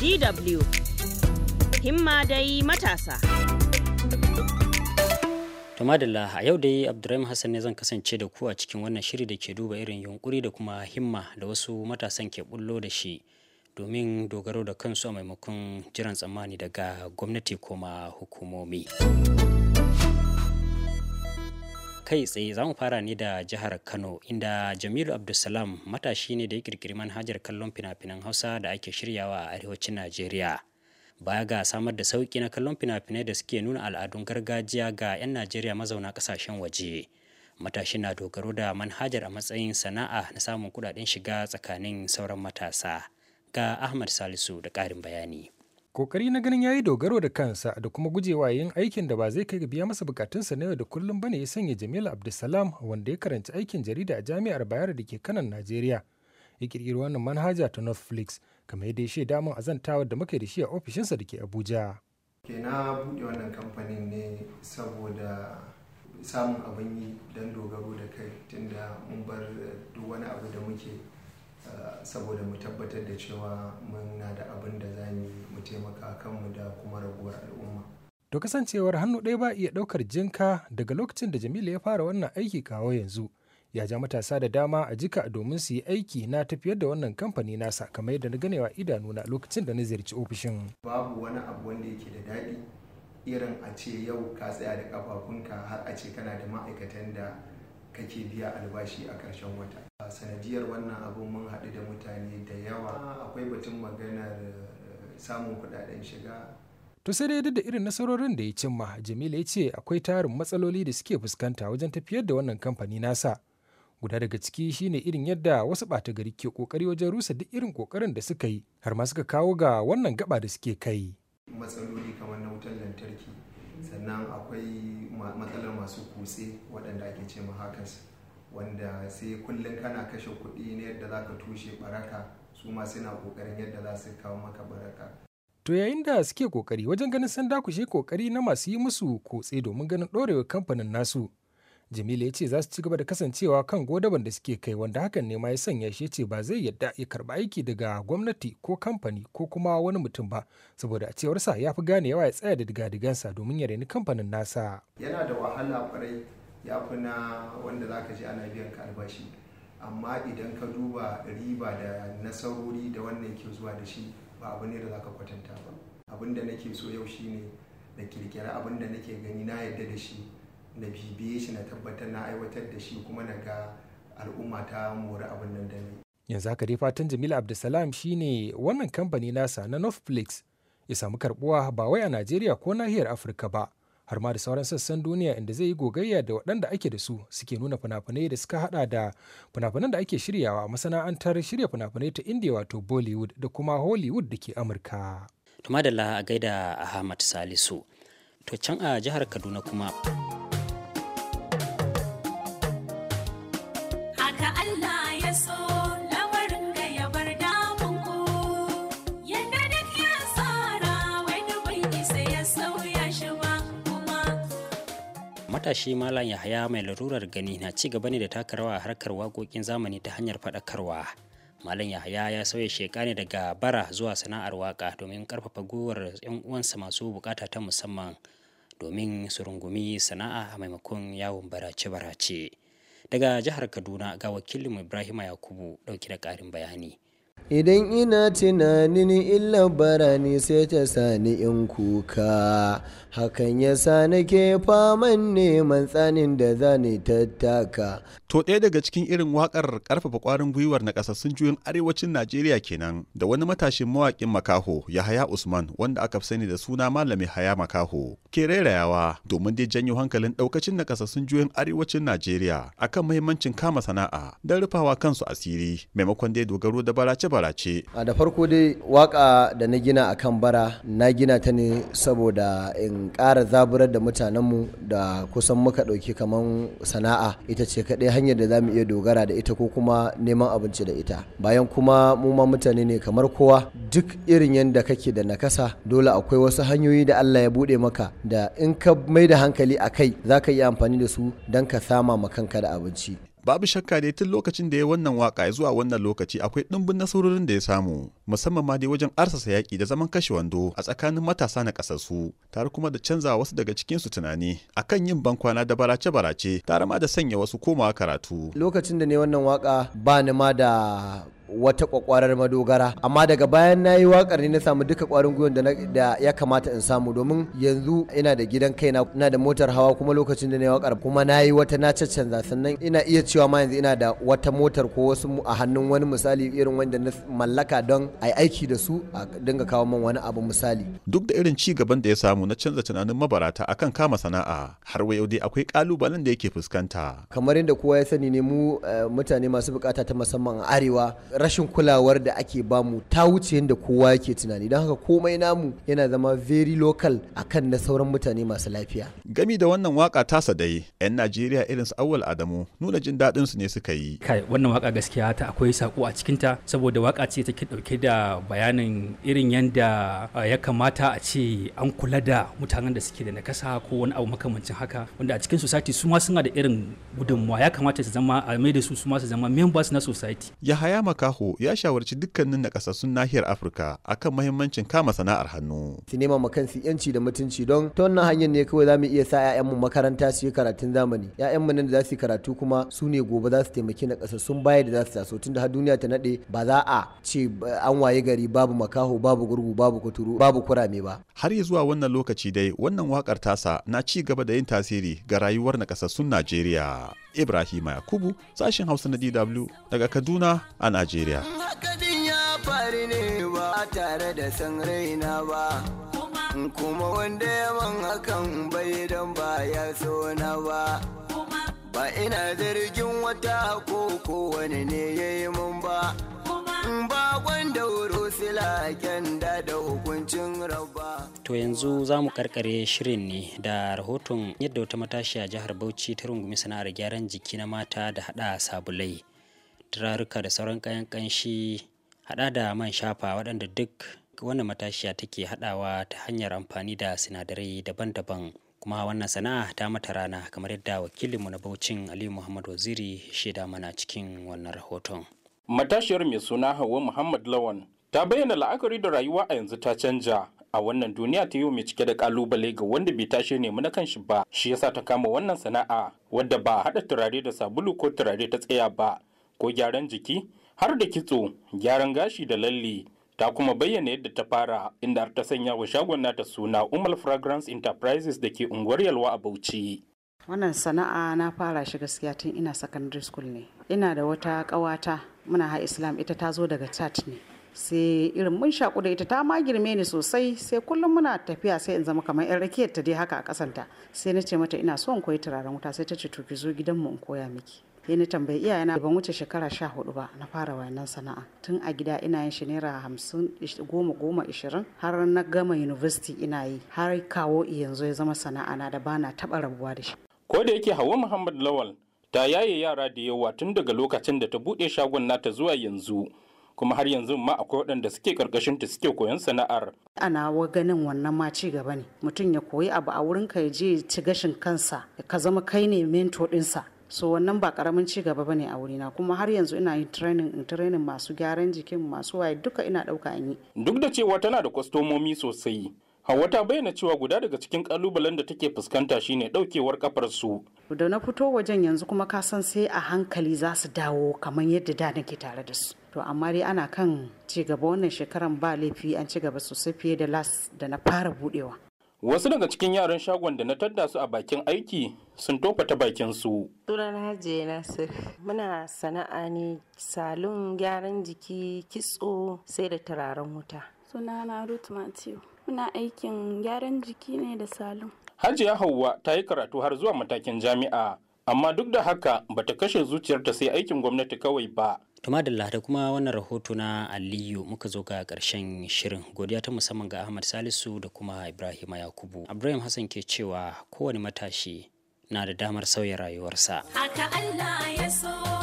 DW himma dai matasa. Tumadilla a yau dai Abdurrahim Hassan ne zan kasance da ku a cikin wannan shiri da ke duba irin yunkuri da kuma himma da wasu matasan ke bullo da shi domin dogaro da kansu a maimakon jiran tsammani daga gwamnati koma hukumomi. kai tsaye za mu fara ne da jihar kano inda jamilu abdulsalam matashi ne da ya kirkiri manhajar kallon fina-finan hausa da ake shiryawa a arewacin najeriya baya ga samar da sauƙi na kallon fina-finai da suke nuna al'adun gargajiya ga 'yan najeriya mazauna ƙasashen waje matashi na dogaro da manhajar a matsayin sana'a na samun kudaden shiga tsakanin sauran matasa ga ahmad salisu da ƙarin bayani kokari na ganin ya yi dogaro da kansa da kuma gujewa yin aikin da ba zai kai ga biya masa bukatunsa na yau da kullum bane ya sanya Jamil Abdulsalam wanda ya karanci aikin jarida a Jami'ar Bayero da ke kanan Najeriya ya kirkiri wannan manhaja ta Netflix kamar yadda ya shaida min azantawa da muke da shi a ofishinsa da ke Abuja. Ke na buɗe wannan kamfanin ne saboda samun abin yi don dogaro da kai tunda mun bar duk wani abu da muke saboda mu tabbatar da cewa muna da abin da za mu taimaka kanmu da kuma raguwar al'umma. To kasancewar hannu ɗaya ba iya ɗaukar jinka daga lokacin da Jamilu ya fara wannan aiki kawo yanzu. Ya ja matasa da dama a jika domin su yi aiki na tafiyar da wannan kamfani nasa kamar yadda na ganewa na lokacin da na ziyarci ofishin. Babu wani abu wanda yake da daɗi irin a ce yau ka tsaya da kafafunka har a ce kana da ma'aikatan da kake biya albashi a karshen wata a sanadiyar wannan abun mun haɗu da mutane da yawa akwai batun maganar eh, samun kuɗaɗen shiga to sai dai da irin nasarorin da ya cimma jamila ya ce akwai tarin matsaloli da suke fuskanta wajen tafiyar da wannan kamfani nasa guda daga ciki shine irin yadda wasu ɓata gari ke ƙoƙari wajen rusa duk irin ƙoƙarin da suka yi har ma suka kawo ga wannan gaba da suke kai matsaloli kamar na wutar lantarki sannan akwai matsalar masu kutse waɗanda ake ce ma hakas wanda sai kullum kana kashe kuɗi na yadda za ka tushe baraka su ma suna ƙoƙarin yadda za su kawo maka baraka. To yayin da suke ƙoƙari wajen ganin sun dakushe ƙoƙari na masu yi musu kutse domin ganin ɗorewar kamfanin nasu jamilu ya ce za su ci gaba da kasancewa kan godaban da suke kai wanda hakan ne ma ya sanya shi ce ba zai yadda ya karba aiki daga gwamnati ko kamfani ko kuma wani mutum ba saboda a cewar sa ya fi ganewa ya tsaya da digadigansa domin ya raini kamfanin nasa yana da wahala kwarai ya fi na wanda za ka ji ana biyan ka albashi amma idan ka duba riba da nasarori da wannan ke zuwa da shi ba abu ne da za ka kwatanta ba abin da nake so yau shine da kirkira abin da nake gani na yadda da shi na bibiye shi na tabbatar na aiwatar da shi kuma na ga al'umma ta mori abin nan da ni. yanzu haka dai fatan jamila abdulsalam shine wannan kamfani nasa na northflix ya samu karbuwa ba wai a najeriya ko nahiyar afirka ba har ma da sauran sassan duniya inda zai yi gogayya da waɗanda ake da su suke nuna fina-finai da suka hada da fina-finan da ake shiryawa a masana'antar shirya fina-finai ta indiya wato bollywood da kuma hollywood da ke amurka tuma da la gaida ahmad salisu to can a jihar kaduna kuma matashi malam yahaya mai larurar gani na ci gaba ne da taka rawa a harkar waƙoƙin zamani ta hanyar faɗakarwa malam yahaya ya sauya sheka ne daga bara zuwa sana'ar waƙa domin ƙarfafa gwiwar 'yan uwansa masu buƙata ta musamman domin su rungumi sana'a a maimakon yawon barace-barace daga jihar kaduna ga wakilin Ibrahim yakubu ɗauki da ƙarin bayani idan ina tunanin illar barani sai ta sani in kuka hakan ya sa nake faman neman tsanin da za ni tattaka to ɗaya daga cikin irin wakar ƙarfafa ƙwarin gwiwar na ƙasassun juyin arewacin najeriya kenan da wani matashin mawaƙin makaho yahaya usman wanda aka fi sani da suna malami haya makaho ke rairayawa domin dai janyo hankalin ɗaukacin na ƙasassun juyin arewacin najeriya akan mahimmancin kama sana'a don rufawa kansu asiri maimakon dai dogaro da barace bara ce. da farko dai waka da na gina a kan bara na gina ta ne saboda in ƙara zaburar da mutanenmu da kusan muka ɗauki kamar sana'a ita ce kaɗai hanyar da za mu iya dogara da ita ko kuma neman abinci da ita bayan kuma mu ma mutane ne kamar kowa duk irin yadda kake da nakasa dole akwai wasu hanyoyi da Allah ya buɗe maka da in ka mai da hankali a kai za ka yi amfani da su don ka sama ma kanka da abinci babu shakka dai tun lokacin da ya wannan waka zuwa wannan lokaci akwai ɗimbin nasarorin da ya samu musamman ma dai wajen arsasa yaƙi da zaman kashe wando a tsakanin matasa na ƙasarsu tare kuma da canza wasu daga cikinsu tunani akan yin bankwana da barace-barace tare ma da sanya wasu komawa karatu lokacin da ne wannan waka ba ni ma da wata kwakwarar madogara amma daga bayan na yi wakar ne na samu duka kwarin gwiwan da ya kamata in samu domin yanzu ina da gidan kai na da motar hawa kuma lokacin da na yi wakar kuma na yi wata na canza sannan ina iya cewa ma yanzu ina da wata motar ko wasu a hannun wani misali irin wanda na mallaka don a yi aiki da su a dinga kawo min wani abu misali duk da irin ci gaban da ya samu na canza tunanin mabarata akan kama sana'a har wa yau dai akwai kalubalen da yake fuskanta kamar yadda kowa ya sani ne mu eh, mutane masu bukata ta musamman a arewa rashin kulawar da ake bamu ta wuce yadda kowa yake tunani don haka komai namu yana zama very local akan na sauran mutane masu lafiya gami da wannan waka tasa dai yan najeriya irin su awwal adamu nuna jin daɗin su ne suka yi kai wannan waka gaskiya ta akwai sako a cikinta saboda waka ce take ɗauke da bayanin irin yadda uh, ya kamata a ce an kula da mutanen da suke da nakasa ko wani abu makamancin haka wanda a cikin society su ma suna da irin gudunmuwa ya kamata su zama a mai da su su ma su zama members na society yahaya maka Netanyahu ya shawarci dukkanin nakasassun nahiyar Afirka akan mahimmancin kama sana'ar hannu. sinema nema ma kansu yanci da mutunci don ta wannan hanyar ne kawai za mu iya sa ya'yanmu makaranta su yi karatun zamani. mu nan da za su yi karatu kuma su ne gobe za su taimaki nakasassun baya da za su taso tunda har duniya ta nade ba za a ce an waye gari babu makaho babu gurgu babu kuturu babu kurame ba. Har yi zuwa wannan lokaci dai wannan wakar tasa na ci gaba da yin tasiri ga rayuwar nakasassun Najeriya. Ibrahim Yakubu sashen Hausa na DW daga Kaduna a Najeriya. tare da san ba kuma wanda yawan hakan bai don ba ya so na ba ba ina zargin wata ko wani ne ya yi mun ba bakon dauro silaken da da hukuncin rabba. To yanzu za mu karkare shirin ne da rahoton yadda wata matashiya jihar Bauchi ta rungumi sana'ar gyaran jiki na mata da hada sabulai, turaruka da sauran kayan kanshi hada da man shafa waɗanda duk wannan matashiya take hadawa ta hanyar amfani da sinadarai daban-daban. kuma wannan sana'a ta mata rana kamar yadda wakilinmu na Bauchin Aliyu Muhammad Waziri shaida mana cikin wannan rahoton. matashiyar mai suna hawa muhammad lawan ta bayyana la'akari da rayuwa a yanzu ta canja a wannan duniya ta yau mai cike da kalubale ga wanda bai tashi nemi na kanshi ba shi yasa ta kama wannan sana'a wadda ba a haɗa turare da sabulu ko turare ta tsaya ba ko gyaran jiki har da kitso gyaran gashi da lalle ta kuma bayyana yadda ta fara inda ta sanya wa shagon nata suna Umar Fragrance Enterprises da ke unguwar Yalwa a Bauchi. Wannan sana'a na fara shi gaskiya tun ina secondary school ne. Ina da wata ƙawata muna ha islam ita ta zo daga chat ne sai irin mun shaku da ita ta ma girme ni sosai sai kullum muna tafiya sai in zama kamar yan rakiyar ta dai haka a kasanta sai na ce mata ina so in koyi turaren wuta sai ta ce to ki zo gidanmu in koya miki ya na tambayi iyayena ban wuce shekara sha hudu ba na fara wannan sana'a tun a gida ina yin shi naira hamsin goma goma ishirin har na gama university ina yi har kawo yanzu ya zama sana'a na da bana taba rabuwa da shi ko da yake hawa muhammad lawal ta yaye yara da yawa tun daga lokacin da ta buɗe shagon nata zuwa yanzu kuma har yanzu ma akwai waɗanda suke karkashin ta suke koyon sana'ar ana wa ganin wannan ma ci gaba ne mutum ya koyi abu a wurin ka ya je ci gashin kansa ka zama kai ne mento ɗinsa so wannan ba karamin ci gaba bane a wurina kuma har yanzu ina yin training in training masu gyaran jikin masu waye duka ina ɗauka an yi duk da cewa tana da kwastomomi sosai Hauwa ta bayyana cewa guda daga cikin kalubalen da take fuskanta shine daukewar kafar su. Da na fito wajen yanzu kuma ka san sai a hankali za su dawo kamar yadda da nake tare da su. To amma dai ana kan ci gaba wannan shekaran ba laifi an ci gaba sosai fiye da las da na fara budewa. Wasu daga cikin yaran shagon da na tadda su a bakin aiki sun tofa ta bakin su. sunan na, Nasir. Muna sana'a ne salon gyaran jiki kitso sai da turaren wuta. sunana Ruth Matthew. Muna aikin gyaran jiki ne da salon. Hajiya Hauwa ta yi karatu har zuwa matakin jami'a, amma duk da haka ba ta kashe zuciyarta sai aikin gwamnati kawai ba. Tuma da kuma wannan rahoto na Aliyu muka zo ga ƙarshen shirin godiya ta musamman ga Ahmad Salisu da kuma Ibrahim Yakubu. Ibrahim Hassan ke cewa kowane matashi na da damar sauya rayuwarsa. Haka Allah ya so.